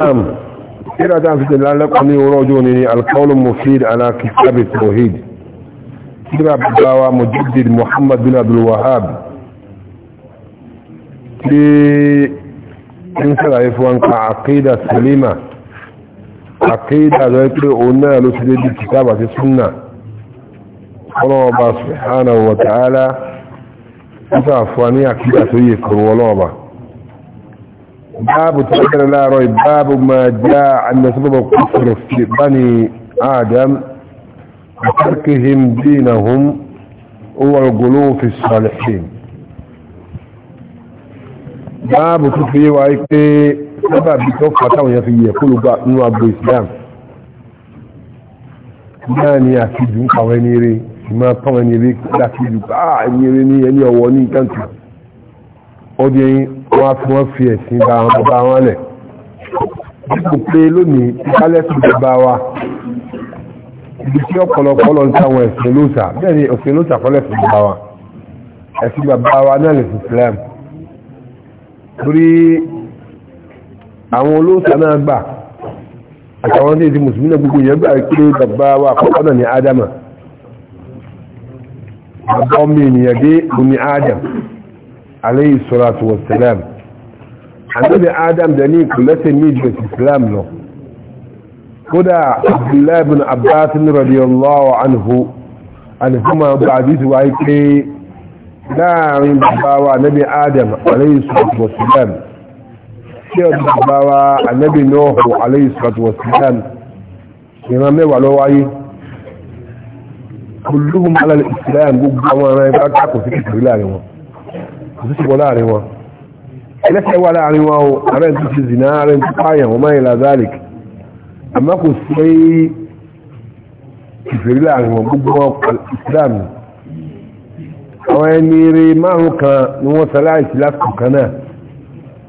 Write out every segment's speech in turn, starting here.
نعم كده دعم في العلاقة أني وراجوني القول المفيد على كتاب التوحيد كده بقاوة مجدد محمد بن عبد الوهاب في انسى العفو أنك عقيدة سليمة عقيدة ذلك قلنا لسدد الكتابة السنة الله سبحانه وتعالى انسى عفواني عقيدة سيكر والله باب تذكر لا روي باب ما جاء أن سبب كفر في بني آدم وتركهم دينهم هو الغلو في الصالحين báàbù tó fi wá pé sábà bí tó fà táwọn èèyàn fi yẹ kó ló gba inú agbo islam náà ni àfijù ń pàwọn ẹni eré ìmọ̀ pàwọn ẹni eré láfijù bá ẹni eré ní ẹni ọ̀wọ́ ní kankan ọdún ẹyin wọ́n fi wọ́n fi ẹ̀sìn bá wọn bá wọn lẹ̀ dípò pé lónìí ìkálẹ́sùn ti bá wa ibi tí ọ̀pọ̀lọpọ̀ lọ ń táwọn ẹ̀sìn lóòsà bẹ́ẹ̀ ni ẹ̀sìn lóòsà kọ́lẹ̀sìn bá wa ẹ̀sìn bàbá wa náà lè fi Islam torí àwọn olóòsà náà gbà àtàwọn tí èsì mùsùlùmí náà gbogbo yẹn gbà pé bàbá wa àkọ́kọ́ náà ni Ádámà bàbá ọmọ ènìyàn dé òní Ádámà عليه الصلاة والسلام النبي آدم دليل كلسة ميجوة الإسلام له كدا عبد الله بن عباس رضي الله عنه أنهما بعديث وعيكي لا من بابا نبي آدم عليه الصلاة والسلام شيء بابا النبي نوح عليه الصلاة والسلام إمامي ولوعي كلهم على الإسلام قبوا ما يبقى كاكو في كتب الله òtútù wọ láàrin wọn ẹlẹ́sẹ̀ wà láàrin wọn o ààrẹ tó ti zìnà ààrẹ tó pààyàn wọn máyìí lazalik àmọ́ kò sí ìfèrí láàrin wọn gbogbo islam àwọn ẹni rí márùn kan ni wọ́n sàláìsì lásìkò kan náà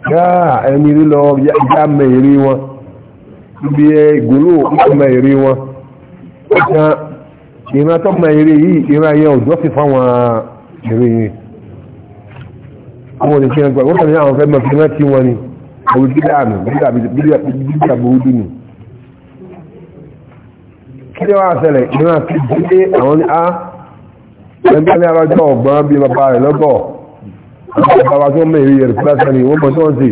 gáà ẹni rí lọ ìyá mẹ́rí wọn ibi ìgbòlò ìgbà mẹ́rí wọn ìran tó mẹ́rí yìí ìran òjò sì fáwọn ìrìn yìí àwọn oníṣẹ́ ẹgbẹ́ wọ́n tẹ̀lé àwọn fẹ́ mọ̀ fi rántí wọn ni àwọn bídà àmì bídà burúkú ni kí ni wọ́n àṣẹlẹ̀ ìran àti ìdílé àwọn ní ah, a ẹgbẹ́ ní alájọ́ ọ̀gbọ́n bíi bàbá rẹ̀ lọ́gọ̀ àwọn bàbá tó mẹ́rin yẹ̀rù kíláṣà ni wọ́n mọ̀ tó ń sè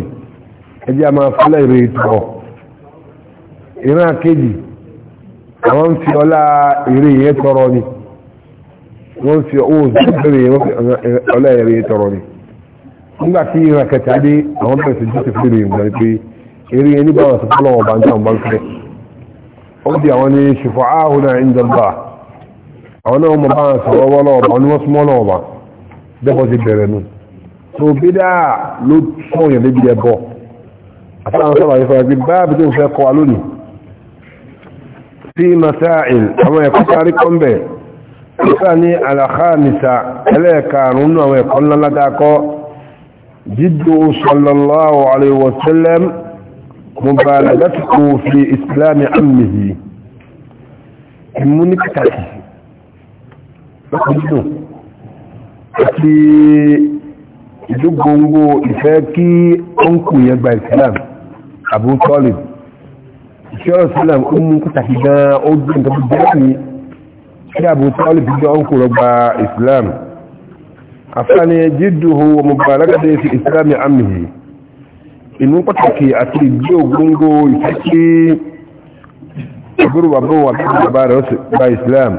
ẹjẹ́ a máa fúnlẹ̀ ìrè ìtọ̀ ìran kejì àwọn ń fi ọlá ìrè yẹn tọrọ ni wọ́n ń fi owó ìrè nígbà tí ìran kẹta dé àwọn bẹ̀rẹ̀ sí jọ́sẹ̀ fún ìròyìn gbọ́n pé eré ẹni bá wọn sọ fún ọmọ bàńtà ọmọ bàńkẹ́ ó di àwọn ní ṣùfọ́ áhùn náà ń jọba àwọn náà mọ̀ bá wọn sọ ọwọ́ lọ́wọ́ wọn ni wọ́n súnmọ́ lọ́wọ́ bá dẹ́kọ̀ sí bẹ̀rẹ̀ nu tó bí dáa ló sún yẹn lébi ẹbọ àti àwọn sábà yìí جده صلى الله عليه وسلم مبالغته في إسلام عمه منكته جده àti ìdúgbòǹgbò ìfẹ́ kí ọkù yẹn gba Islam Abu Talib ìṣẹ́rọ̀ Islam ó mú pàtàkì gan ó gbé nǹkan bí jẹ́ ní kí Abu Talib jẹ́ ọkù lọ gba Islam afẹ́ni jidduhu wa mubalagade fi islami amihi inú pàtàkì àti ìgbé ògúngó ìfẹ́kí ìgbúrú bàbá wà tó bàbá rẹ̀ bá islam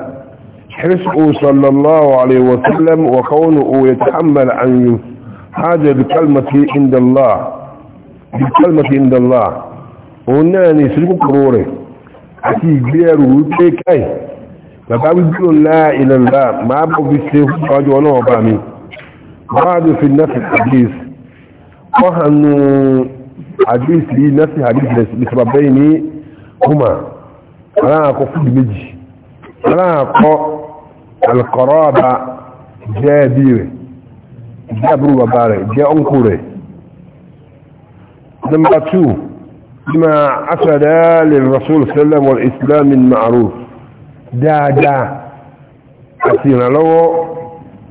hirsu sallallahu alaihi wasallam wa kawunu o ya ta'ammal an yi hajjar bi kalmati inda Allah bi kalmati inda Allah òun náà ni ìsirí kòkòrò rẹ̀ àti ìgbé ẹrù wípé káì la ilaha illa máa bọ̀ fi ṣe fún ọjọ́ mi بعد في نفس الحديث وهن حديث لي نفس الحديث لسببين هما لا أقف بمجي لا أقف القرابة جابيرة جابرو ببارة جاء أنكورة نمبر 2 لما أسد للرسول صلى الله عليه وسلم والإسلام المعروف دا دا أسينا له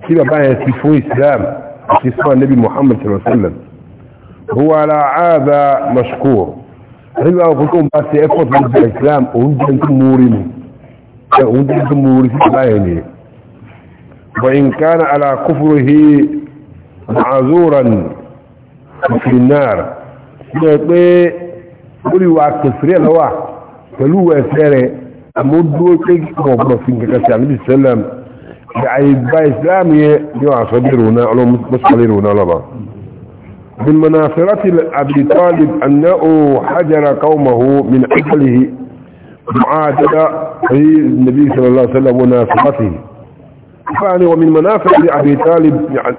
كده بقى يسيفوا الإسلام يسيفوا النبي محمد صلى الله عليه وسلم هو على عاذا مشكور هل أقولكم بس يفوت من الإسلام وهم جنتم مورمين وهم جنتم مورمين وإن كان على كفره معذورا في النار قولي وعك تسريع لواح فلوه أسيري أمود دول تيكي كاسي عن السلام يعني باي إسلامية يوعى صديرونا علوم مصدرونا لبا من مناصرة أبي طالب أنه حجر قومه من أجله معادلة في النبي صلى الله عليه وسلم وناصرته فعني ومن مناصرة يعني أبي طالب يعني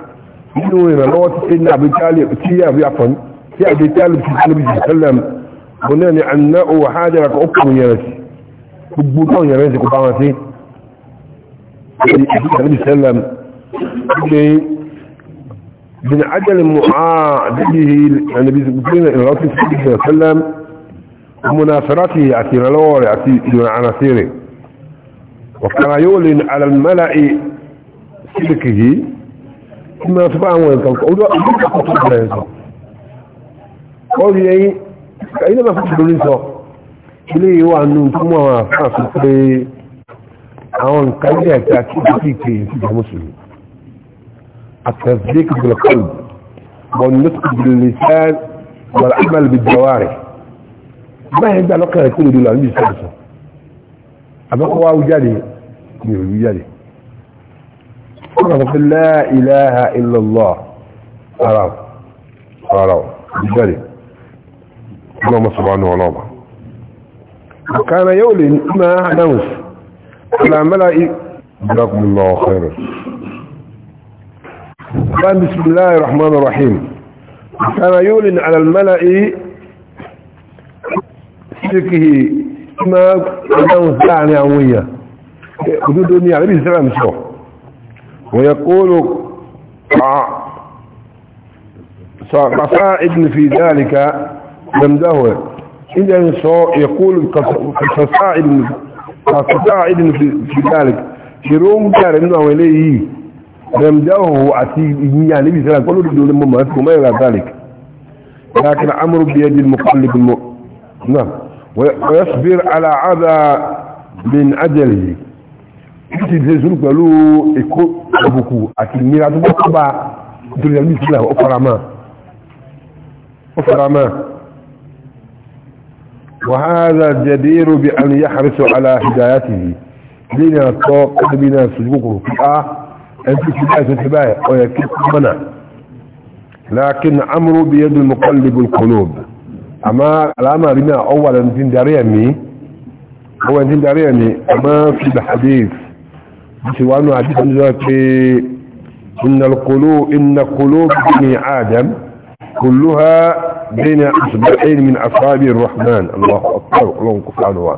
منه لو تسعين أبي طالب تيا في عفن في أبي طالب صلى الله عليه وسلم قلنا أنه حجر قومه ينسي يا ينسي قبامته النبي صلى الله عليه وسلم من عجل معادله النبي صلى الله عليه وسلم ومناصرته عتير لور عتير عناصره وكان يولن على الملأ سلكه ثم يتبع وين تلقى قول لي أين ما فتح الإنسان إليه هو أنه أنتم ما اون قلبي اتاكد فيك في المسلم التصديق بالقلب والنطق باللسان والعمل بالجوارح ما هي عندها لقاء يكون دول عندي سبسة أما هو وجالي يقول وجالي قرر لا إله إلا الله أراب أراب اللهم صل على وتعالى وكان يولي ما أحد على ملأ جزاكم الله خيرا قال بسم الله الرحمن الرحيم كان يولن على الملأ شركه ما كان ثاني عوية حدود الدنيا عليه السلام شو ويقول قصائد في ذلك لم دهوه إذا يقول قصائد فاستطاع ابن في ذلك شروم كار انه وليه رمجه عتي ابن يعني بي سلام قالوا دول ما ما الى ذلك لكن امر بيد المقلب الم... نعم ويصبر على عذا من اجله ti ṣe sùúrù pẹ̀lú èkó ọ̀bùkù àti ìnira tó bá tó bá nítorí ẹ̀mí ìsìlẹ̀ ọ̀fọ̀ramá ọ̀fọ̀ramá وهذا جدير بأن يحرص على هدايته لنا الطوق بنا سجوكه فقه أنت تباية تباية ويكيب منع لكن أمر بيد المقلب القلوب أما الأمر رمى أولا أنتين داريامي هو أنتين داريامي أما في الحديث سوانه حديث ذاتي إن القلوب إن قلوب بني آدم كلها بين أصبعين من أصحاب الرحمن الله أكبر الله كفانه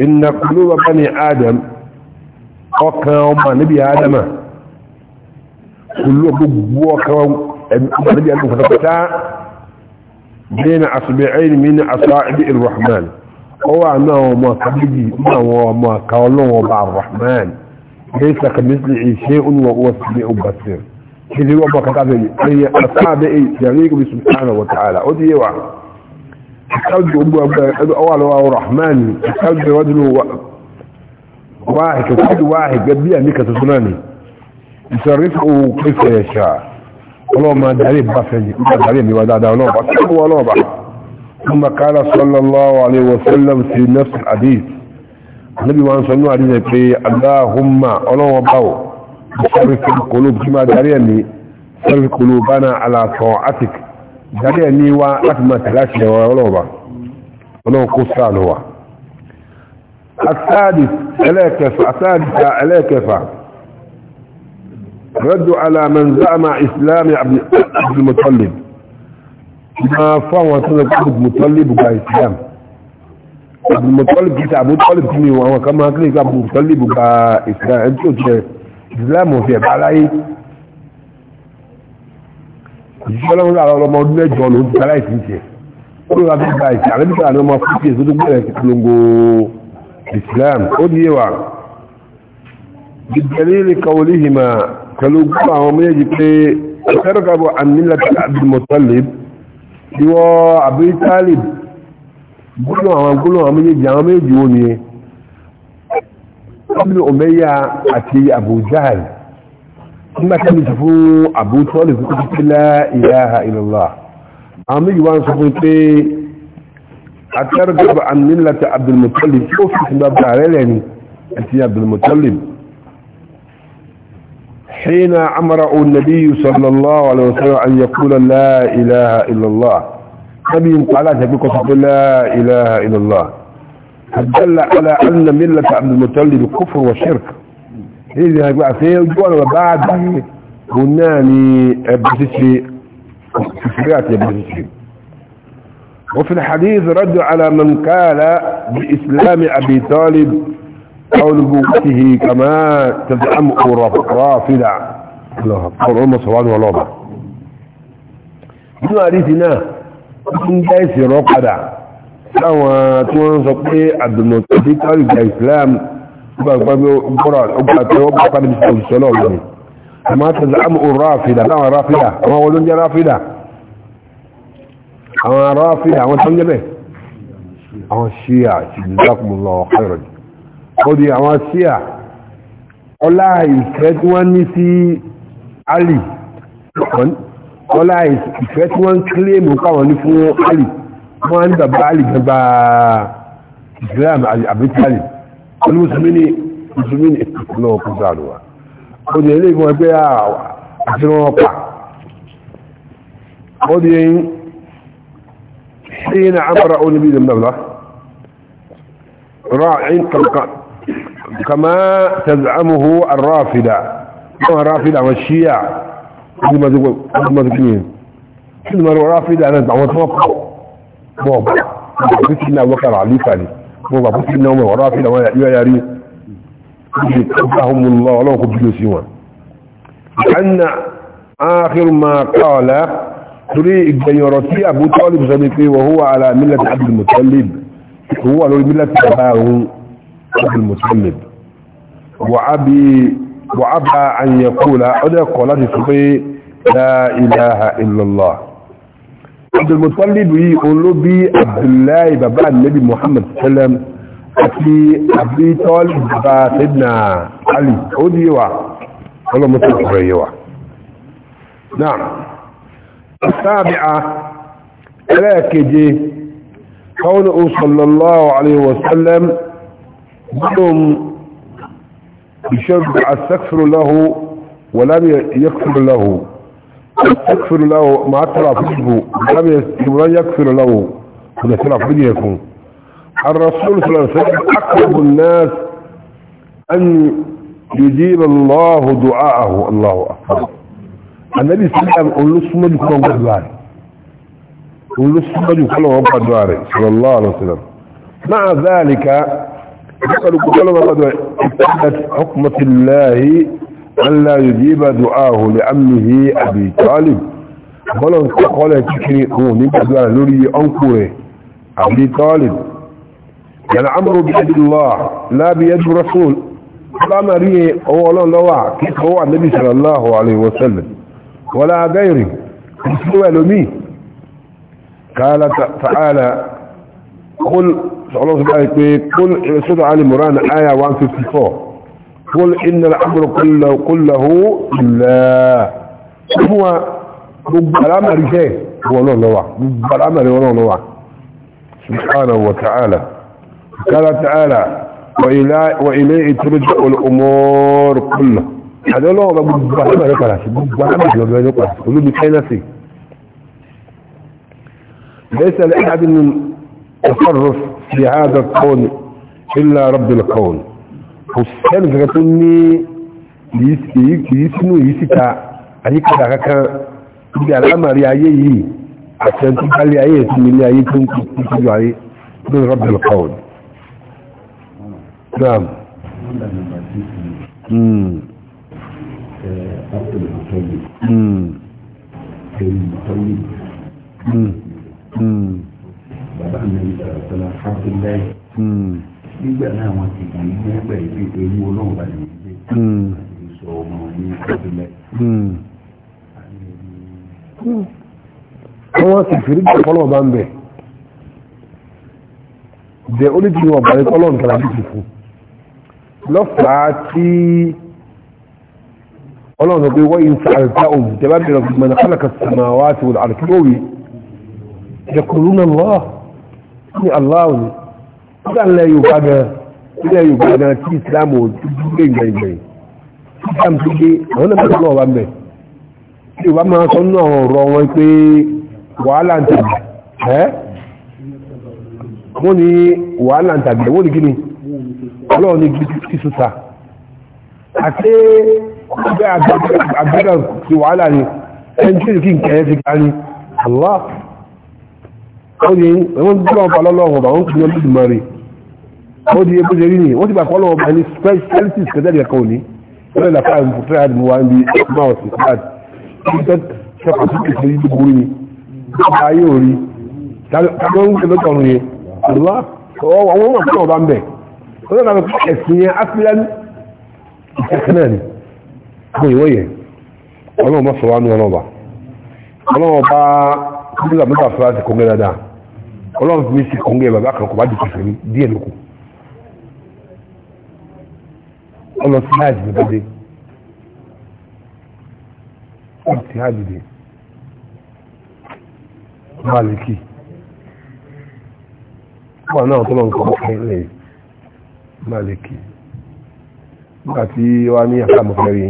إن قلوب بني آدم وكاوما نبي آدم قلوب وكاوما نبي آدم فتبتا بين أصبعين من أصحاب الرحمن هو ما هو ما قبلي ما هو ما قالوا الرحمن ليس كمثل شيء وهو سميع بصير حذروا أبوك تابعي أي أتابعي جميعك بسبحانه وتعالى أدي يوعى أتابع أول ورحمن أتابع وجل واحد أتابع واحد قبيع ميكة سناني يسرفه كيف يشاء الله ما دعليه بفجي ما دعليه ميوادا دعونه بأتابع ونوبة ثم قال صلى الله عليه وسلم في نفس الحديث النبي وانسلم عليه وسلم اللهم الله وباوه صرف القلوب كما داريني صرف قلوبنا على طاعتك داريني وأتمة الأشياء والغلوبة ولو قصان هو الثالث السادس الثالثة الاكفة رد على من زعم إسلام عبد المطلب ما فهو سنة عبد المطلب كإسلام عبد المطلب كتاب المطلب كمي وكما كليك عبد المطلب كإسلام انتو شيء islam ò fi ẹ̀bá aláyé òṣìṣẹ́ ọlọ́run lára ọlọ́mọ ọdún mẹ́jọ ló ń tẹ́lá ìsìn tiẹ̀ ó lọ́la bí gba ìsìn àlébíkà ni ọmọ fífi èso tó bẹ̀rẹ̀ polongo islam ó di yé wa gbẹ̀gbẹ̀rẹ̀ lè kàwé léhìmà pẹ̀lú gbọ́ àwọn gbọ́nà àwọn gbọ́nà àwọn méjèèjì àwọn méjèèjì wo ni ibn umayya àti abu jahl nígbà tí a lè sọ fún abu talib kó ti la ilaha illallah àwọn méjì wá ń sọ fún pé atẹ́rẹ́gbẹ̀bà àmìlẹ́ta abdul muttalib ó fi ìgbà bàrẹ́ rẹ̀ ni àti abdul muttalib حين أمر النبي صلى الله عليه وسلم يقول لا إله إلا الله نبي قال تبقى لا إله إلا الله دل على أن ملة عبد المطلب كفر وشرك إذا هجوع فيه وجوانا وبعد قلناني أبسسي كفريات أبسسي وفي الحديث رد على من قال بإسلام أبي طالب أو نبوته كما تزعم رافدة الله قول عمر سبحانه والله من حديثنا من جايس رقدة láwọn tí wọ́n sọ pé àdùnmọ̀tàbí kárí ìgbà islam gbàgbàgbà àwọn ráfíà àwọn tó ń jẹ́bẹ̀ àwọn ṣíà ti dákùnlọ ọ̀kẹ́rọ̀ jù ó di àwọn ṣíà ọlá ìfẹ́ tí wọ́n ní sí Ali ọlá ìfẹ́ tí wọ́n kílèmù káwọn ní fún Ali kwan da bali ba gram abin bali kun musmini musmini no ku zaruwa ko ne le go be a asiro pa ko ne حين عبر أول بيد المبلة راعين كما تزعمه الرافدة ما الرافدة والشياء كما تقول كما تقول كما تقول رافدة أنا أتبع وتوقع mọ́ ọ̀bá títí náà wọ́kà àlífà ni mọ́ ọ̀bá títí náà wọ́n rọ́pí àwọn yóò yàrí ìṣe káàmùlọ́ ọlọ́run kò bílò sí wọn anna áàkìrù máa kọ́ọ̀lá torí ìgbẹ̀yìn ọ̀rọ̀ tí Abu Talib sọ ni pé wọ́n hùwà ala millat Abdul Muttalib òun wà lórí millat bàbá òun Abdul Muttalib wà á bá àyẹ̀kọ́ la ọdẹ kọ́ láti sọ pé la ilaha illallah abdulmutalib yìí òun ló bí abdullahi bàbá ànábì muhammad sallam àti abitol bàbá sidna ali ó di wa ọlọ́mọtò ọ̀rọ̀ yìí wa náà sáàbìá ẹlẹ́ẹ̀keje kọ́wọ́n sallallahu alayhi wa sallam gbọ́dọ̀m ìṣẹ́gun asẹ́kùrù lahu wọ́lámi yẹ́kùrù lahu يكفر له ما اعترف به لم يستمر يكفر له ونسرف به يكون الرسول صلى الله عليه وسلم أقرب الناس أن يجيب الله دعاءه الله أكبر النبي صلى الله عليه وسلم قل له سمجك الله قل له سمجك الله صلى الله عليه وسلم مع ذلك قالوا قلوا ما حكمة الله أن لا يجيب دعاه لأمه أبي طالب بلن قال كيكري هون يقول لولي أنكره أبي طالب قال يعني عمرو بيد الله لا بيد الرسول الأمر هو لا لواء كيف هو النبي صلى الله عليه وسلم ولا غيره هو لمي قال تعالى قل صلى الله عليه وسلم قل سيد علي مران آية 154 قل إن الأمر كله كله لله هو بالامر الأمر شيء هو الله لوع بالامر الأمر هو الله سبحانه وتعالى قال تعالى وإليه, وإليه ترجع الأمور كلها هذا ما رب ما يقرأ رب ما يقرأ قلوا بكي نسي ليس لأحد من تصرف في هذا الكون إلا رب الكون kò sẹ́nu kankan tó ní èyí sínú èyí síta àyíkàdà kankan ibi àlámàrí ayé yìí àti ẹni tó bálé ayé ìsinmi ilé ayé tó ń kú ìtọ́jú ayé ló ń rọ́bìnrin kọ́ọ̀d naam Bàbá mi ń sọ̀rọ̀ sọ́lá, Abdullahi nígbà náà wọn ti gbà nígbà nígbà yìí pé ewu ọlọ́run bá lè wọlé hmm. àti sọ ọmọ wọn ní ìpínlẹ̀. Hmm. Hmm. wọ́n sì fi rígbà fọ́lọ́ bá ń bẹ̀ jẹ́ oníjìnnì ọ̀bàrí fọ́lọ́ nǹkan àbí ti fún lọ́fàá tí ọlọ́run sọ pé wọ́n yìí ń sa àrùtá òun tẹ́bá bẹ̀rẹ̀ ọ̀gbìn mọ̀nà kálàkà sàmáwá ti wọ̀n àrùtá òwe yẹ kòrónà lọ́ọ̀ ní aláwọ̀ ni ìdánilẹ̀ yorùbá gan ilẹ̀ yorùbá gan tí islam ò dúdú gbẹ̀ngbẹ̀ngbẹ̀ islam tó dé àwọn náà bẹ̀rẹ̀ lọ́wọ́ bá ń bẹ̀ yorùbá máa sọ nínú àwọn ọ̀rọ̀ wọn pé wàhálà ń tàbí ẹ́ wọ́n ní wàhálà ń tàbí wọ́n ní kí ni ọlọ́run ní kí sùtà àti ọgbẹ́ àgbẹ́gbẹ́ ti wàhálà ni ẹni kí n kẹ́ ti ká ní Allah ó ní ẹ̀wọ́n gbọ́n ọba lọ́lọ́run ọba wọn kì í ọdún mọ́rin ó di epo ṣe rí ni wọ́n ti gbà kọ́ lọ́wọ́ bá ní specialities kẹtẹ́lì ẹ̀kọ́ òní lọ́dọ̀ ìlà fáwọn ìfúnfẹ́ àdìmú wa ń bi máa ọ̀sìn fúláàd ní tẹ́ sọ́kàtí kìí ṣe gbogbo ni ọba ayé òrí tàbí ń gbé lọ́tọ̀ ọ̀run yẹn àlọ́ àwọn ọmọ àti ọba ń bẹ̀ lọ́dọ̀ ìlànà ẹ̀sìn yẹn áfíríán ìṣẹ́kẹ́ náà ni àwọn ìwọ́ yẹn ọlọ́run bá sọ wá nù ọlọ́ba ọlọ́run bá kúndínlá mẹ́ta fúláàsì kọ́ngẹ́ dáadáa ọlọ́run fi mí sí kọ́ngẹ́ bàbá ọlọ sí hajj ní dédé ọlọ sí hajj dé maliki wọn náà tó lọ nǹkan ọkùnrin lè maliki nígbà tí wọn ní àkàmọ̀fẹ́rí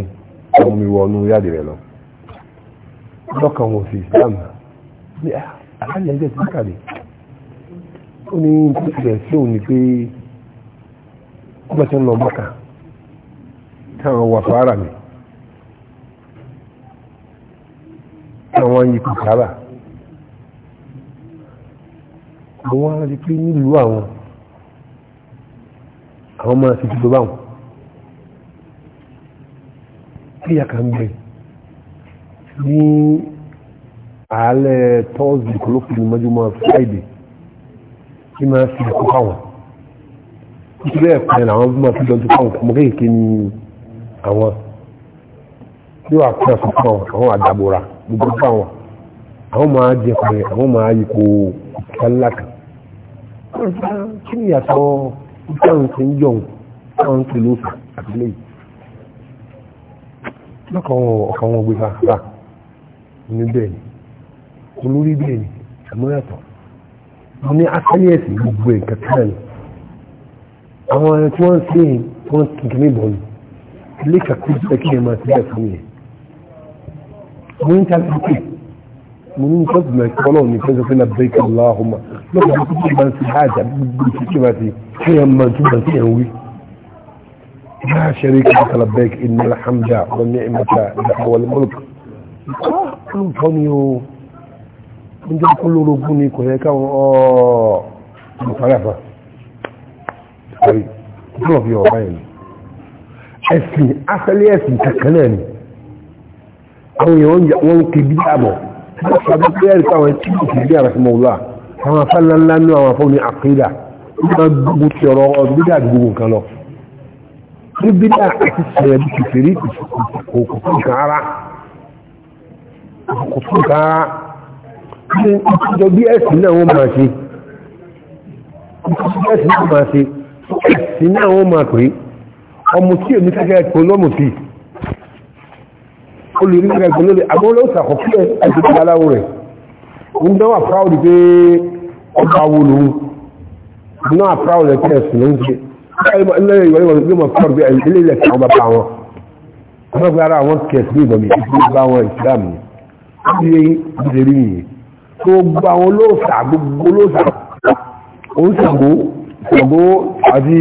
ọmọ mi wọnú yáde rẹ lọ lọ́kàn wọn fi ìsìlámù ní ah, àlàyé ẹgbẹ́ ti kàdé ó ní ìpínlẹ̀ sí òun ni pé ọgbẹ́sẹ̀ ń lọ bọ́kàn táwọn wà fara mi àwọn yìí sábà àwọn aráàlú pé nílùú àwọn àwọn máa ṣe tuntun báwọn kíyà kan bẹ ní àálẹ̀ tọ́sí kọlọ́pù mọ́júmọ́ friday kí máa fi ẹ̀kọ́ fáwọn nítorí ẹ̀kọ́ yẹn làwọn máa fi lọ́jọ́ fáwọn kọ́mọ́ kéèké ní àwọn yóò wà kúrò fún fún àwọn àdàbòrà gbogbo fún àwọn àwọn máa jẹ pẹ̀lú àwọn máa yí kó kálá kan kí ni ìyàtọ̀ ìfẹ́ àwọn ti ń jọun àwọn ti ló fà àti léyìí lọ́kàn ọ̀kan wọn gbé fa rà ní bẹ́ẹ̀ ni olórí bẹ́ẹ̀ ni àmọ́ yàtọ̀ mo ní asálẹ̀ẹ̀sì gbogbo ẹ̀ kẹta ni àwọn ẹni tí wọ́n ń sèyìn wọ́n ti kìíní bọ̀ ni líka kúrò kí ẹ máa sílẹ̀ fún yẹn mo ń ta lókè mo ní nǹkan tìmọ̀ ẹ̀kọ́ náà ní fẹ́ẹ́ sọ pé na bẹ́ẹ̀kì aláhùnmá lọ́kọ̀ tó kúrò máa ń ti hájà gbogbo ìṣẹ́kì máa ti kí ẹ máa tún máa ti ẹ̀ ń wí. لا شريك لك لبيك إن الحمد والنعمة لك والملك قالوا من جل كل ربوني كهيكا مطرفة طيب كله في وعين ẹ̀sìn asẹ́lẹ̀ ẹ̀sìn kankan náà ni àwọn èèyàn wọn kì bí àbọ̀ sábà pé ẹ̀rí káwọn tí kò kì bí àbọ̀ sí mọ̀wúlá àwọn afẹ́lá ńlá nínú àwọn afọ́ ní àkídà wọn gbogbo ti ọ̀rọ̀ ọ̀gbídà gbogbo nǹkan lọ ní bídà àti sẹ̀rẹ̀ bí kìfèrí kò fún nǹkan ara kò fún nǹkan ara ní ìjọ bí ẹ̀sìn náà wọ́n máa ṣe ẹ̀sìn náà wọ́n máa pè é ọmọ tí èmi kẹ́kẹ́ ẹ̀kọ́ lọ́mù tí olùrí kẹ́kẹ́ ẹ̀kọ́ lórí àmọ́ olóòsà kọ̀kílẹ̀ àjẹ́kẹ́ aláwò rẹ̀ ń dánwà proud pé ọba wo lòun náà proud ẹ̀kẹ́ ẹ̀sùn ló ń ṣe lẹ́yìn ìwọ̀n ìwọ̀n ìgbìmọ̀ proud pé ilé ilẹ̀ kan bá bá wọn ọmọ pé ara àwọn kẹ̀sì ní ìbọn mi ìdílé bá wọn Islam ni bí i ìdílé rí nìyẹn tó gba àwọn olóòsà gbogbo olóòsà òun ṣàgbó ṣàgbó àti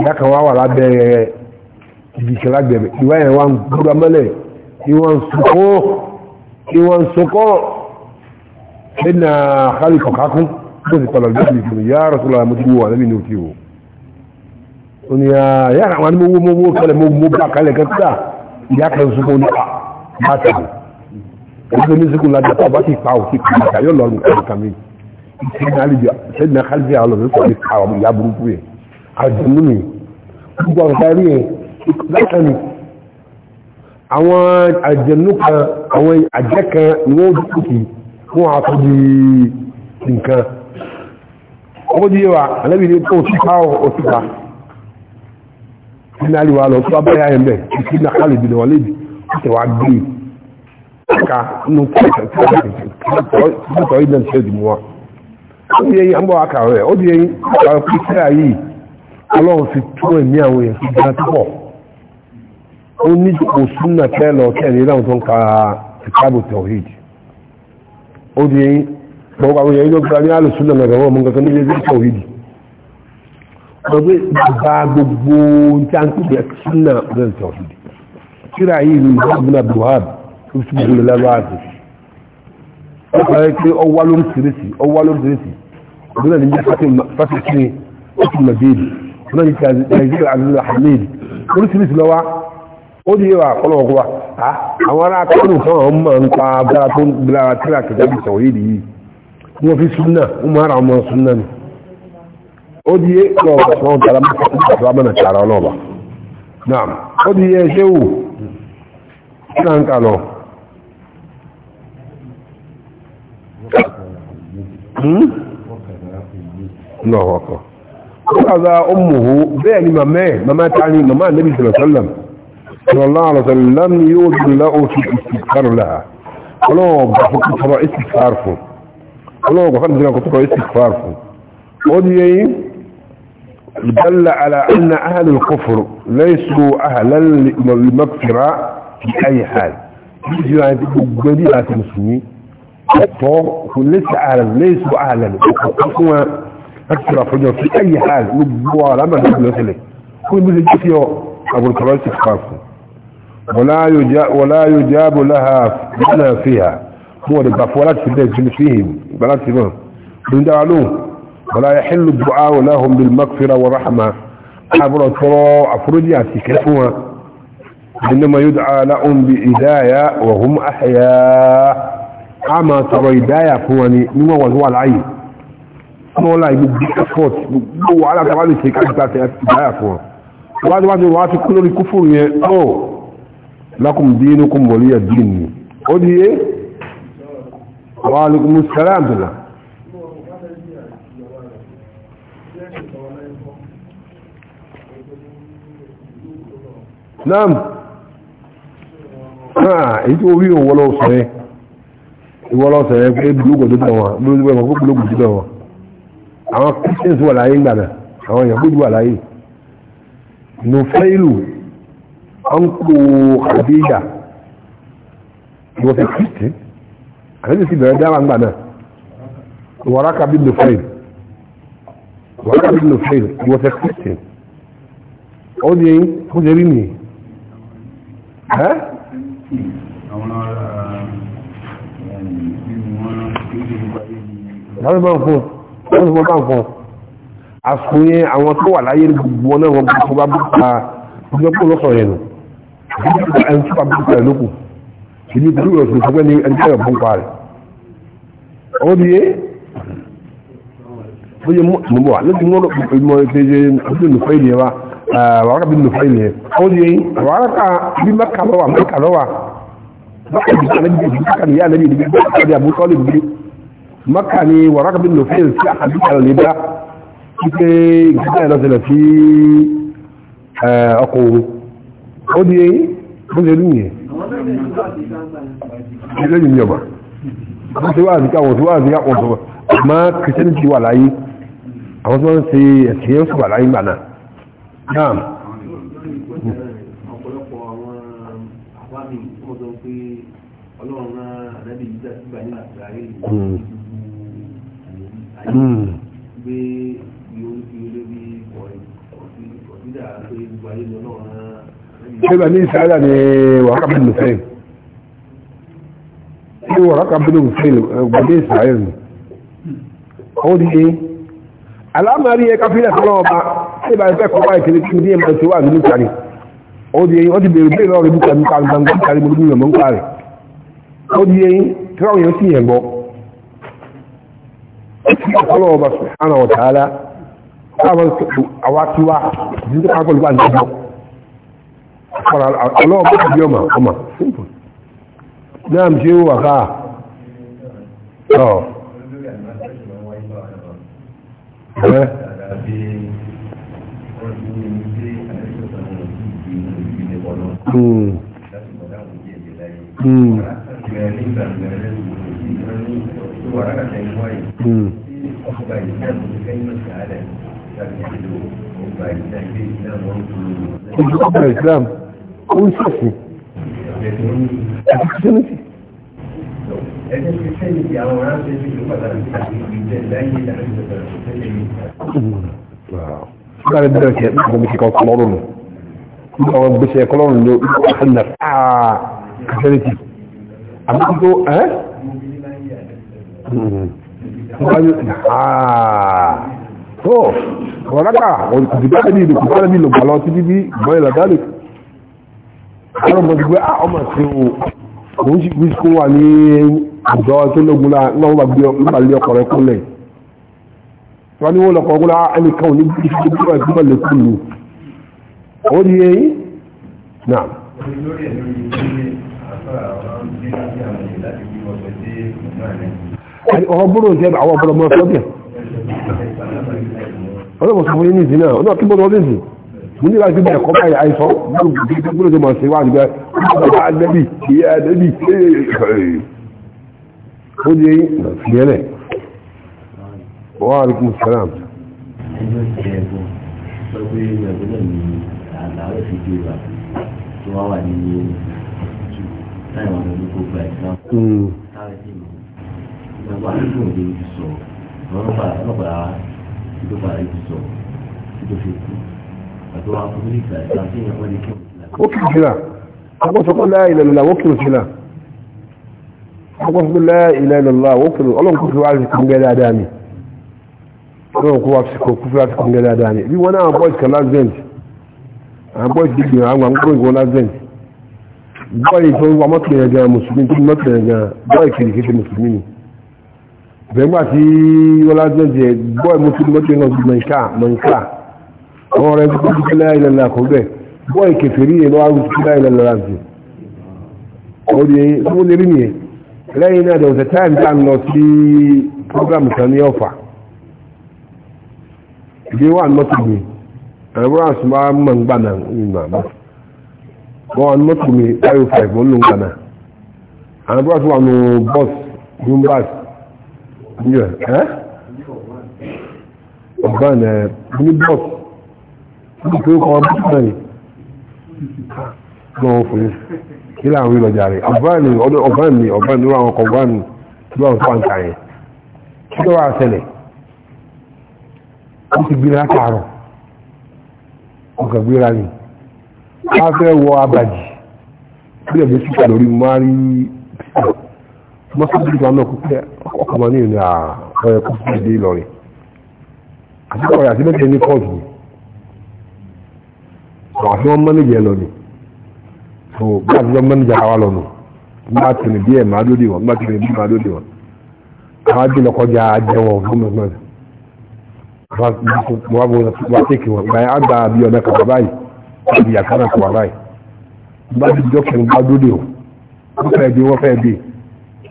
ìyá wa wá wà lábẹ́rẹ́ ìbìkẹ́ lágbẹ̀rẹ̀ ìwá ẹ̀ wá ń gbúra mọ́lẹ̀ ìwọ̀n sọkọ́ ìwọ̀n sọkọ́ ẹ̀nà àkárí kọ̀kákún tó ti pàlọ̀ lórí ìfún ìyá rọ̀sọ́lá mo ti wò wà lẹ́mìnì òkè o ó ní àyà àwọn ni mo wó mo wó kalẹ̀ mo mú bá kalẹ̀ kẹta ìyá kan sọkọ́ ní à bá ta o ní sọkọ́ lájà tó bá ti pa òkè kàkà yóò lọ rùn kàkà mi ìṣẹ́ ní àlejò ìṣẹ́ ní àlejò àwọn ọ̀rọ̀ àjẹmú ni gbogbo àgbárí ẹ̀ látà ni àwọn àjẹmú kan àwọn àjẹ́ kan ni wọ́n dúkù sí fún àtọ́jú nǹkan ọkọ̀ díẹ̀ wa alẹ́bí ní òsìká òsìká ní àríwá lọ tó abẹ́yà ẹ̀ mẹ́ ní àkàlè ìdílé wọn lébi ọ̀sẹ̀ gbé ọlọ́run fi tó ẹ̀mí àwọn èèyàn fi gbá púpọ̀ ó ní kò súnà tẹ́lọ tẹ́lẹ̀ láwọn tó ń ka ìkábò tawhid ó di eyín gbogbo àwọn èèyàn yóò gba ní alùsúnà lọ́gbà wọn mú kankan nílé ìdílé tawhid wọ́n gbé bàbá gbogbo tí a ń pè é súnà lọ́gbà tawhid kíra yìí ni muhammed abdulhab tó sì gbogbo lọ́wọ́ àti ó kàwé pé ọwá lóríṣiríṣi ọwá lóríṣiríṣi òdúnà ní jẹ́ fásitì kí ni ó ti mọ̀ bíi mẹ́rin nàìjíríà àdúrà hamid oríṣiríṣi lọ́wọ́ ó di yíwa ọlọ́ọ̀kọ́ wa ah, àwọn ará akọ́nù kan àwọn ọmọ ń pa agbára tó ń gbára tíra kìtàbí sọ̀rọ̀ yìí yìí wọ́n fi súnà wọ́n máa ra ọmọ súnà ni ó tara mọ́ta fún àtúrà mọ́nà tààrà ọlọ́ọ̀bà náà ó di yé ẹṣẹ́ wò kí là ń kà lọ. Hmm? lọ́wọ́ kan. وكذا أمه بين مماه مما تعني مما النبي صلى الله عليه وسلم صلى الله عليه وسلم لم يوجد له في استذكار لها ولو بحق ترى استغفار قالوا ولو بحق ترى استغفار فيه ودي دل على أن أهل الكفر ليسوا أهلا للمغفرة في أي حال يجي عن جديد المسلمين ليسوا أهلا ليسوا أهلا أكثر فجر في أي حال يبوى لما نقول لك كل مثل جفية أبو الكرال تخافه ولا يجاب ولا يجاب لها لنا فيها هو البفولات في البيت فيهم بلات فيهم من دعالوه ولا يحل الدعاء لهم بالمغفرة والرحمة عبر ترى أفرجي يعني أتكفوها إنما يدعى لهم بإداية وهم أحياء عما ترى إداية فواني مما وزوى العين mọ́lá ìgbogbo effort gbogbo wàhálà tàbá lè ṣe káàkiri àti ìbáyà fún ọ wájú wájú wá ti kú lórí kú fún yẹn ọ lákùn dínú kún mọ̀lú yà dín ní ó di yé wà lókùn sẹ́rẹ́ àbìlà náà náà èyí tí ó rí òun wọ́lọ́sọ̀rẹ́ ìwọ́lọ́sọ̀rẹ́ pé blúgọ̀ tó dẹ̀ wọn blúgọ̀ tó dẹ̀ wọn àwọn christians wà láyé gbàdà àwọn yahudu wà láyé nufailu ọ̀nkù àdéjà wọ́n fi christian àti sì bẹ̀rẹ̀ dáwà gbàdà waraka bin nufailu waraka bin nufailu wọ́n fi christian ó di ó di rí nìyí ẹ́ láti máa fún un wọ́n ti wọ́n bá nǹkan àsìkò yẹn àwọn tó wà láyé gbogbo náà wọ́n bá bá bá ta ìjọpọ̀ lọ́sọ̀ yẹn nù ẹni tó bá bá ta lókù ìdí tó lọ sí ọgbẹ́ ní ẹni tó yẹ fún pa rẹ̀ ó di yé ó yẹ mú bọ̀ lẹ́sìn mú lọ ìmọ̀ ìtẹ́jẹ́ ọdún nùfẹ́ ìlẹ̀ wa wàhálà bí nùfẹ́ ìlẹ̀ ó di yé wàhálà ká bí mẹ́kà lọ́wà mẹ́kà lọ́wà bákan ìdí kan ní yá lẹ́yìn ìdí kan ní yá maka ni waraka bin nufil sí àdúgbà lébá wípé ìgbésẹ̀ ìlọ́sẹ̀lẹ̀ sí ọkọ̀ òru ó di bó ṣe lúwìn yẹn lẹ́yìn ní ọba wọ́n ti wá àzíká wọ́n ti wá àzíká wọ́n ti wá àmá kìrìsìtẹ́nì ti wà láyé àwọn tó ń ṣe ẹ̀sìn yẹn sì wà láyé gbà náà náà ọ̀pọ̀lọpọ̀ àwọn àwámi wọ́n sọ pé ọlọ́run náà àdábì yìí dá sí gbà ní àgbà ayé Hmm. pé yóò lé bí kọ̀ọ̀sídà pé gbogbo ayé lọ náà rán. ṣé ní ìsáyà ni wàhálà bí lò sẹ́yìn ṣé wàhálà bí lò sẹ́yìn gbàdé ìsáyà ni ó di ṣe alámàrí ẹka fílẹ̀ sọ́nà ọba ṣé ìbá ẹgbẹ́ kọ́ wáyé kiri kí ní ẹ̀mọ̀ tí ó wà nínú kárí ó di ẹyin o ti bèrè bèrè lọ́rọ̀ ibi kárí gbangba kárí mo ní ìyọ̀mọ̀ di ẹyin tí wọ́n yẹn sì yẹn kọ́lọ̀ ọba sùhánà ọ̀tàálá káwọn àwátíwá jíjẹ́ kákọlù bá nìyàwó ọlọ́ọ̀bá bí ọmọ ọmọ simple náà ṣe wà káà ọ̀ ẹ̀ Mm. Mm. Mm. كنت أقرأ الإسلام كنت أسمي أفكسنتي قال الدرجة نحن الاسلام كوت العلوم أو بس يقولون لو حنر آه كسرتي أما أنتوا آه؟ ها wáyé haa tó ọ̀rọ̀láka òdìbáyé ní ìdòkú bá ní ìlògbà lọ sí bíbí ìbọn ìlà dálè àwọn ọmọ sí o òun sì gbé kó wà ní àjọ tó lógun náà náà wọ́n bá lé ọkọ̀ rẹ kúnlẹ̀ wọ́n ní wọ́n lọ́kọ̀ ọgbọ́n ẹnìkan òní bí i bí wọ́n ìgbìmọ̀ lè kú lù ó di èyí náà lórí ẹ̀ lórí ilé àtọ́ àwọn ọmọdé láti àwọn ìlàjì bí ọgbọ́rọ̀ jẹ́ àwọn ọgbọ́rọ̀ mọ́ sọ́bẹ̀ ọlọ́pọ̀ sọ fún yín ní ìdí náà ọlọ́pọ̀ kíbọ̀lọ́ ọdún ìsìn mú ní láti bẹ̀rẹ̀ kọ́ báyìí àìsọ́ gbọ́rọ̀ jẹ́ mọ̀ sí wà nígbà ọgbà àdẹ́bì àdẹ́bì eh. ó di ìyẹ́lẹ̀ wà á rikú sàlám Mm ìjọba àdúgbò òde ti sọ ọlọ́pàá ọlọ́pàá ìjọba àdúgbò ti sọ ìjọba èkó àti wọn akọ mílíkà ìjọba tí ìyẹn wọn lè kí wọn. ó kì í sílà ọgbọ́n sọ pé láì ilẹ̀ lọ́la ó kì í sílà ọgbọ́n sọ pé láì ilẹ̀ lọ́la ó kì í ọlọ́run kò fi wá sí kúngẹ́ dáadáa ni ọlọ́run kò fi wá sí kúngẹ́ dáadáa ni bí wọ́n náà bọ́ọ̀sì kan lásìdẹ̀ntì àwọn bọ́ọ̀sì gbìyànjú àwọn àgbọ̀n ìwọ̀n lásìdẹ̀ntì bọ́ọ̀lì tó bẹ̀gbà tí ọlájẹ́jẹ́ gbọ́ ìmúsílùmọ́tí náà ti mọ̀ǹkà mọ̀ǹkà àwọn ọ̀rẹ́ tó kọjú kílá ìlànà àkọ́bẹ̀ gbọ́ ìkẹfẹ̀rí yẹn lọ́wọ́ àrùn kílá ìlànà àjò ọdún yẹn tó lérí nìyẹn lẹ́yìn náà there was a time tá n lọ sí program kan ní ọ̀fà ìdí wà nọ́tù mi àwọn àṣùmá mọ̀ ń gbà náà ìgbà mọ́ wọ́n nọ́tù mi five oh five mo àwọn bọ́ọ̀sì níyọ̀ ẹ́ ọ̀gbọ́n ẹ̀ ní bọ́ọ̀sì ní ìpínlẹ̀ kan ọdún náà ni náà fún yín kí láwọn rí lọ́jà rẹ̀ ọ̀gbọ́n ni ọ̀gbọ́n ni ọ̀gbọ́n ni wọ́n kọ̀ ọ̀gbọ́n ni tí wọ́n fọ́n ta yẹn kí ló wà ṣẹlẹ̀ ó ti gbéra kààrọ̀ ọkàn gbéra ni a fẹ́ wọ abàjì bí ẹ̀mí síkà lórí mari pípọ̀ mọ́sálásí kan náà kú pé ọkọ̀ máa ní ìrìn àwọn ẹ̀kọ́ fún ìdí Ìlọrin àti ọ̀rẹ́ àti mẹ́tẹ̀ẹ́ ní kóòtù ni àwọn àti wọn mọ́nìjì ẹ lọ ni so bí àti wọn mọ́nìjì ara wa lọ nù máa tẹ̀lé bí ẹ̀ máa lóde wọn máa tẹ̀lé bí máa lóde wọn àwọn àti lọ́kọjá jẹun ọ̀hún mọ́nìjì wọ́n wọ́n tẹ́kì wọn gbáyé àgbà bí ọ̀nà kàwà báyìí àbí àkàrà kàwà báyìí bá ti jọ́ kẹrin bá dúdé o wọ́n fẹ́ bí wọ́n fẹ́ bí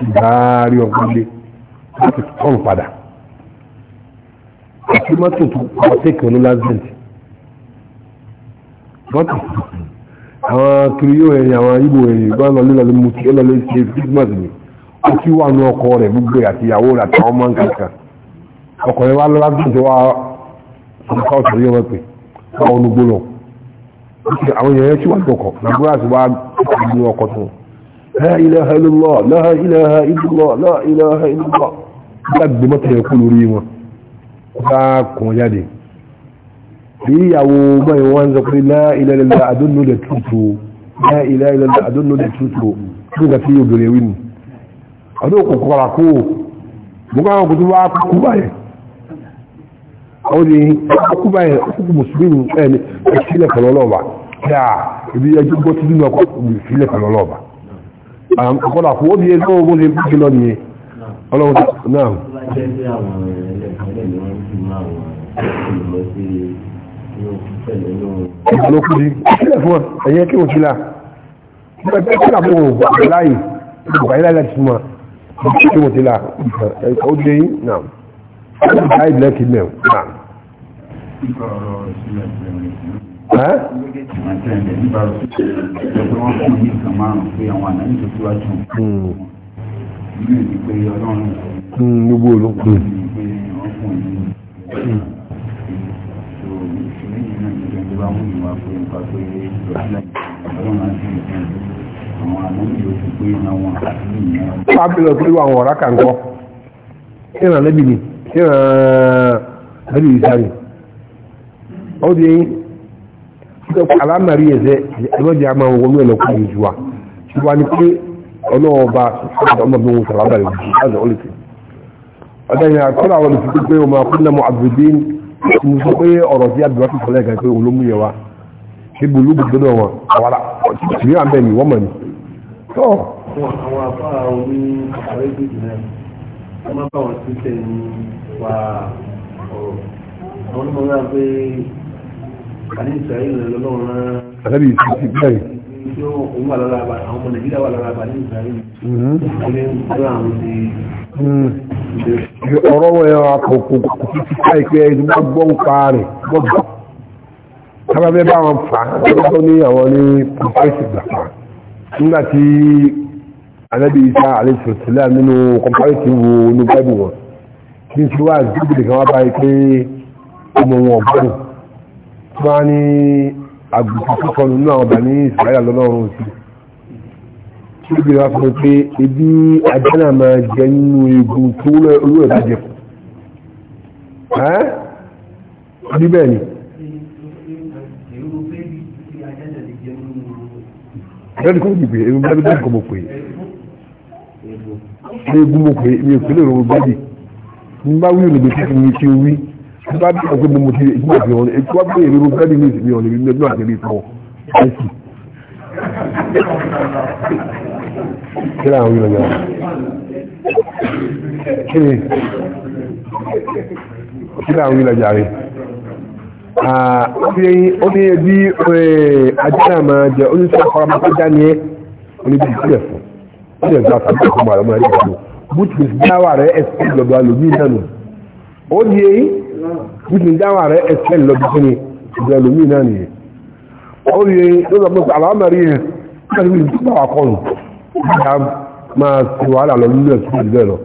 ìbáàrí ọgbọ́nlé láti tọ́rùn padà àti mọ́tò tó pàtẹ́kì olólazent mọ́tò àwọn kiriyó ẹ̀yìn àwọn ibò ẹ̀yìn bá lọ lílọ mú tí ẹlọ́lẹ́ ṣe christmas ni ó kí wà ní ọkọ rẹ̀ gbogbo àti ìyàwó rẹ̀ àtàwọn ọmọ nǹkan ọkọ rẹ̀ wá lọ́lazent wá ọkọ ọ̀sẹ̀ yọ wọ́n pè àwọn olùgbò lọ àwọn èèyàn yẹn ṣì wà ní ọkọ̀ nàìjíríà sì wá ní ọkọ̀ tó wọn لا إله إلا الله لا إله إلا الله لا إله إلا الله قد متى يقول ريما فاكم جدي في أو ما يوانز قل لا إله إلا الله أدن لتوتو لا إله إلا الله أدن لتوتو لغا فيه دريوين أدوكو قراكو مقام كتبا كوباية أولي كوباية أكو مسلم يعني أكسلك الولوبة لا إذا يجب أن تدنك أكسلك الولوبة àkọ́lá fún óbí ẹgbẹ́ ogun lè pàtí lọ nìyẹn ọlọ́run náà ìpàlókù di sílẹ̀ fún ẹ̀yẹ kí wọ́n sílá ẹgbẹ́ sílá fún òun láyé ìgbà ilá ilẹ̀ tí wọ́n kí wọ́n sílá ó dé náà láì blẹ́kì mẹ́rin náà Hmm, gbogbo fábílọ̀ tó wà wọ̀n rákà ńkọ́ ìrànlẹ́bì ni ìrànlẹ́bì ìsáni ó di eyín alámàrí ẹ̀zẹ́ ẹlọ́jà máa wọ́n ní ẹlọ́kùn ìjú wa ṣùgbọ́n ni pé ọlọ́ọba ọmọbìnrin sàlábàrí ọjọ́ olùsìn ọdẹ́yìn àkọ́lá àwọn olùsìn pé ọmọ akúnnàmọ́ abdulbin mo sọ pé ọ̀rọ̀ sí abdulbin ti sọlẹ̀ gan pé olómúyẹ wa ṣe bùlú gbogbo wọn àwàrà ọ̀tí wọn bẹ́ẹ̀ ni wọ́n mọ̀ ni. àwọn afá oní arabic náà wọ́n máa bá wọn tún tẹ̀ ní wa ọ̀rọ̀ àwọn náà pé àtàbí ìsìnkú bẹ́ẹ̀ òun wà lára àbá àwọn ọmọ nàìjíríà wà lára àbá ní ìsàlẹ̀ mhm. ilé ń kúrò àwọn ní hmm. ọ̀rọ̀ wọn yẹn àkókò kòkòkò ti ká ìpé ẹni wọ́n gbọ́ ń pa rẹ̀ gbọ́gbà tábàbẹ́ bá wọn fà á tó ní àwọn ní kọ̀m̀páìsì isa àlejò sílẹ̀ nínú kọ̀m̀páìsì wo ní báìbù wọn kí n ti wá àgbègbè kan wá báyìí pé ọmọ wọn ọ̀gbọ́n máa ní àgùntàn kíkọ nínú àwọn ọba ní ìsìláyà lọ́lọ́run sí níbi wá fún pé ebi ajánà máa jẹ nínú egun tó olú ẹ̀ jẹ kù ẹ́ bí bẹ́ẹ̀ ni. lẹ́nu kọ́ jìbìí egun bẹ́ẹ̀ bẹ́ẹ̀ kọ́ mọ̀ pé egun mọ̀ pé mi ò pé lè rọ̀ bẹ́ẹ̀ bí n bá wí ònà gbèsè mi ti wí tí bá bí ọgbẹ́ mo mo ti ìgbà bí wọn ètò wá bí èrò bẹ́ẹ̀ ní ìsinmi ọ̀lẹ́ ní ẹgbẹ́ àti ìrìn ìfọ̀ àìsí. kí ló àwọn ìrìn àjò kí ni kí ló àwọn ìrìn àjò rẹ̀ ó ní ẹbí ajá náà máa jẹ oníṣẹ́ àfọlámọ́tò já ni ẹ́ oníbi ìpínlẹ̀ fún ó ní ẹ̀dọ́ àtàkùn àkọ́mọ́ àlọ́mọ́ ẹ̀dọ́ bùtù dáwà rẹ̀ ẹ̀sìn ìjọba lòmí nù ó di èyí bíbi dáwà rẹ̀ ẹ̀sẹ̀ lọ́bí fún ni ìgbẹ̀lómí náà nìyẹn ó di èyí ló sọ pé àlámàrí yẹn láti fi ìdíkọ̀ àkọlù ìdá máa ti wàhálà lọ nílé ẹ̀sùn ìgbẹ̀ lọ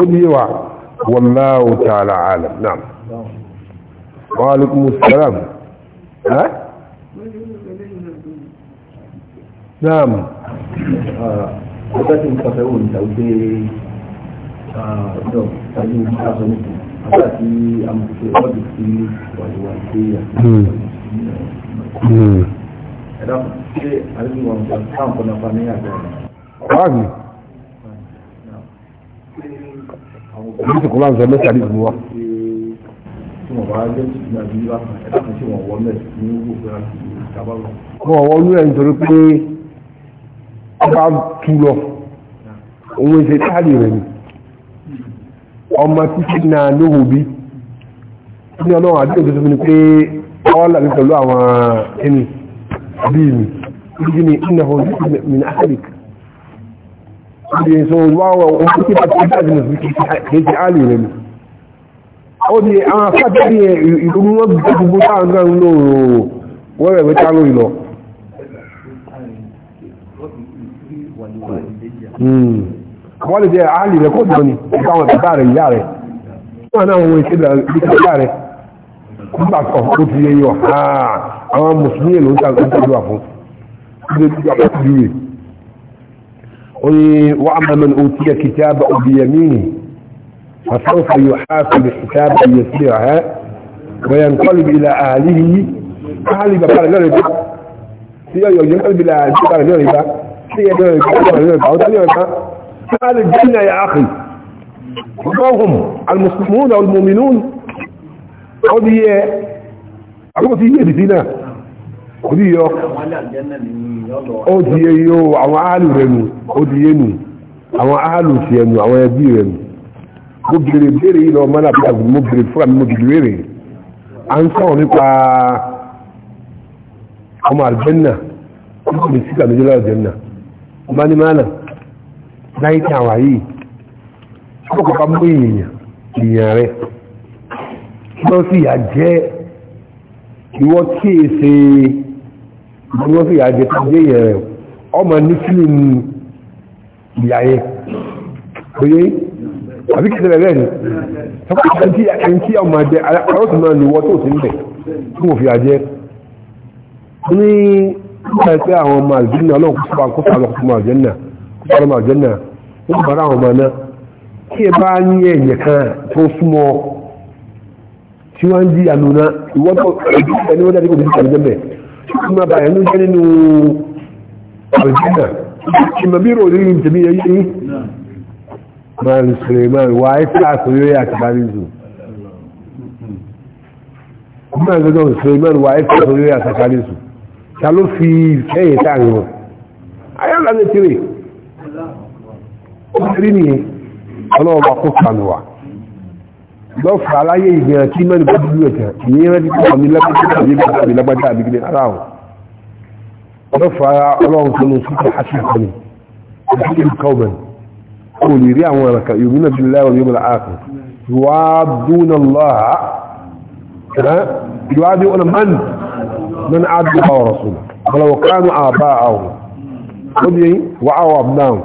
ó di wa wallahu ta'ala alam naam wa alaikum salam naam ọjọ́ tí mo sọ fẹ́ wò ní ìtàwé pé ah, ọjọ́ tàbí ìtàwé nígbà tí amòfin ọdún sí wàlúwà ìgbéyà ẹ̀dá ṣé àdúgbò wọn kò sáà nǹkan náà fani àgbà rẹ̀. báàgì ní sọ̀kọ́ bá ń sọ mẹ́ta nínú wa. tí wọ́n bá jẹ́ tuntun àbí yíwá kan ẹ̀dá kan tí wọ́n wọ mẹ́ẹ̀ ní owó fẹ́ láti ìjàmbá nítorí pé ọba tú lọ òun ṣe táàlì rẹ̀ ni ọmọ títí na lóhù bí ní ọlọ́run àdúgbò tó fún pé ọlá mi pẹ̀lú àwọn ẹni bí mi ìdí ni iná hàn sí min ahalik ìdí so wáwọ̀ ohun tó kí bá ti dájú mọ̀ sí kéèkì áàlì rẹ̀ mi ó di àwọn afẹ́fẹ́ bí ìlúmú wọn bí gbogbo táwọn náà ń lò wẹ́rẹ̀ wẹ́ta lórí lọ Mm wọ́n lè jẹ́ àálì rẹ̀ kọ́ jọ ni ìbáwọn bàbá rẹ̀ ìyá rẹ̀ wọ́n náà wọ́n ìṣẹ́lẹ̀ ìṣẹ́lẹ̀ rẹ̀ nígbà kan ó ti yẹ yọ àwọn mùsùlùmí èlò ń tàbí àfún ilé ìjọba àpẹẹrẹ rẹ̀ ó ní wọ́n àmàmà ó ti yẹ kìtàbà òbíyẹmínì فسوف يحاسب حسابا يسيرها وينقلب الى اهله اهلي بقى لا ربا سيا ينقلب الى اهله بقى لا ربا سيا ينقلب أهل الجنة يا أخي ما هم المسلمون أو المؤمنون قضية àwọn tí yé ìdí náà ó di yọ ó di yé yó àwọn áàlù rẹ̀ nù ó di yé nù àwọn áàlù ti ẹnu àwọn ẹbí rẹ̀ nù mo bèrè bèrè yìí lọ mọ́nà bí àgùn mo bèrè fúra mi à ń sọ̀rọ̀ nípa ọmọ àlùjẹ́nà ó sì lè sí àlùjẹ́nà ọmọ ní mọ́nà láyé àwà yìí kọ́kọ́ bá mú èèyàn èèyàn rẹ̀ lọ sí ìyà jẹ́ ìwọ tí è ṣe ìwọ sí ìyà jẹ́ tó jẹ́ èèyàn rẹ̀ ọmọ ní kílì ní ìyà àbí kìí ṣẹlẹ̀ bẹ́ẹ̀ ni sọ́kọ́ ní ìgbà tí àwọn ọmọ àlùjẹ́ náà ọlọ́run kó sọ́kọ́ àkóso ó bára àwọn ọmọ náà tí ẹ bá ní ẹ̀yẹ̀ kan tó súnmọ́ tí wọ́n ń di àlùna ìwọ́pọ̀ ẹni wọ́n dájú kò ní ìtàlẹ́ mẹ́ tí wọ́n bá ẹnu jẹ́ nínú àlùjẹ́nà ìmọ̀ bí rò nínú tèmi yẹ yí máa ń sèrè máa ń wá ẹ́ kíláàsì orí àti bárízù máa ń gbẹ́gbẹ́ sèrè máa ń wá ẹ́ kíláàsì orí àti bárízù ta ló fi fẹ́yẹ̀ táà ń wọ̀ ayọ́lá ní tirẹ̀ وحرمي قالوا معقوف عن هو دفع على اي جاتي من بدوتا نيما دي قومي لا بدي بدي لا بدا بي دي راهو دفع على الله سبحانه سبحانه حسيبني حسيب كوبا قولي ريا ولك يؤمن بالله واليوم الاخر يوعدون الله يوعدون من من عبد الله ورسوله قالوا كانوا اباءهم ودي وعوا ابناهم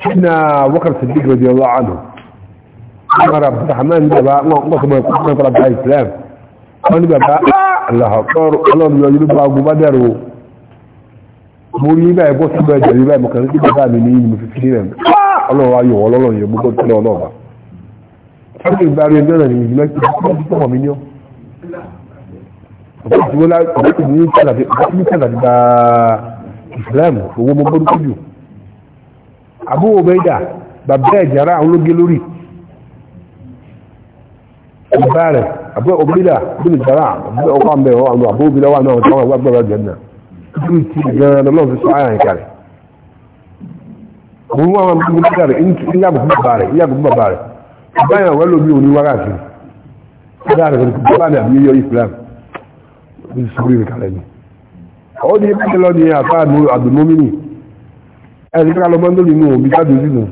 حنا وكر الصديق رضي الله عنه عمر عبد الرحمن بابا ما ما ما طلع بهاي الكلام قال بابا الله اكبر الله يجيب ابو بدر مريبا يقول سبا جريبا ما كان يجيب بابا منين مفكرين الله ايوه والله الله يبقى كل الله فكر بارين ده انا مش مكتوب مني ọ̀pọ̀lọpọ̀ ọ̀pọ̀lọpọ̀ ní kẹ́lá ti gba ìsìlẹ́mù owó mọ́ bọ́dúkú jù Abu Obeida bàbá ìjàrá àwọn ológe lórí ìbá rẹ̀ Abu Obeida bí lè jàrá ọkọ̀ àmì ọ̀rọ̀ Abu Ubaida wà náà tọ́wọ́ wà gbọ́dọ̀ jẹ́ náà nítorí ti gan-an lọ́wọ́ fi sọ àyà ìkà rẹ̀ òun wà wọn bí lè rẹ̀ ìyàgò fún bàbá rẹ̀ ìyàgò fún bàbá rẹ̀ báyà wẹ́lò bí òní wákàtí ó ti sórí rẹ̀ kalẹ̀ ni ó ní ẹgbẹ́ lọ ní àfáà àdùnmọ́mí ni ẹ̀ẹ́dẹ́gbẹ́ra lọ mọ́ndọ́lì nù òbí jáde sínú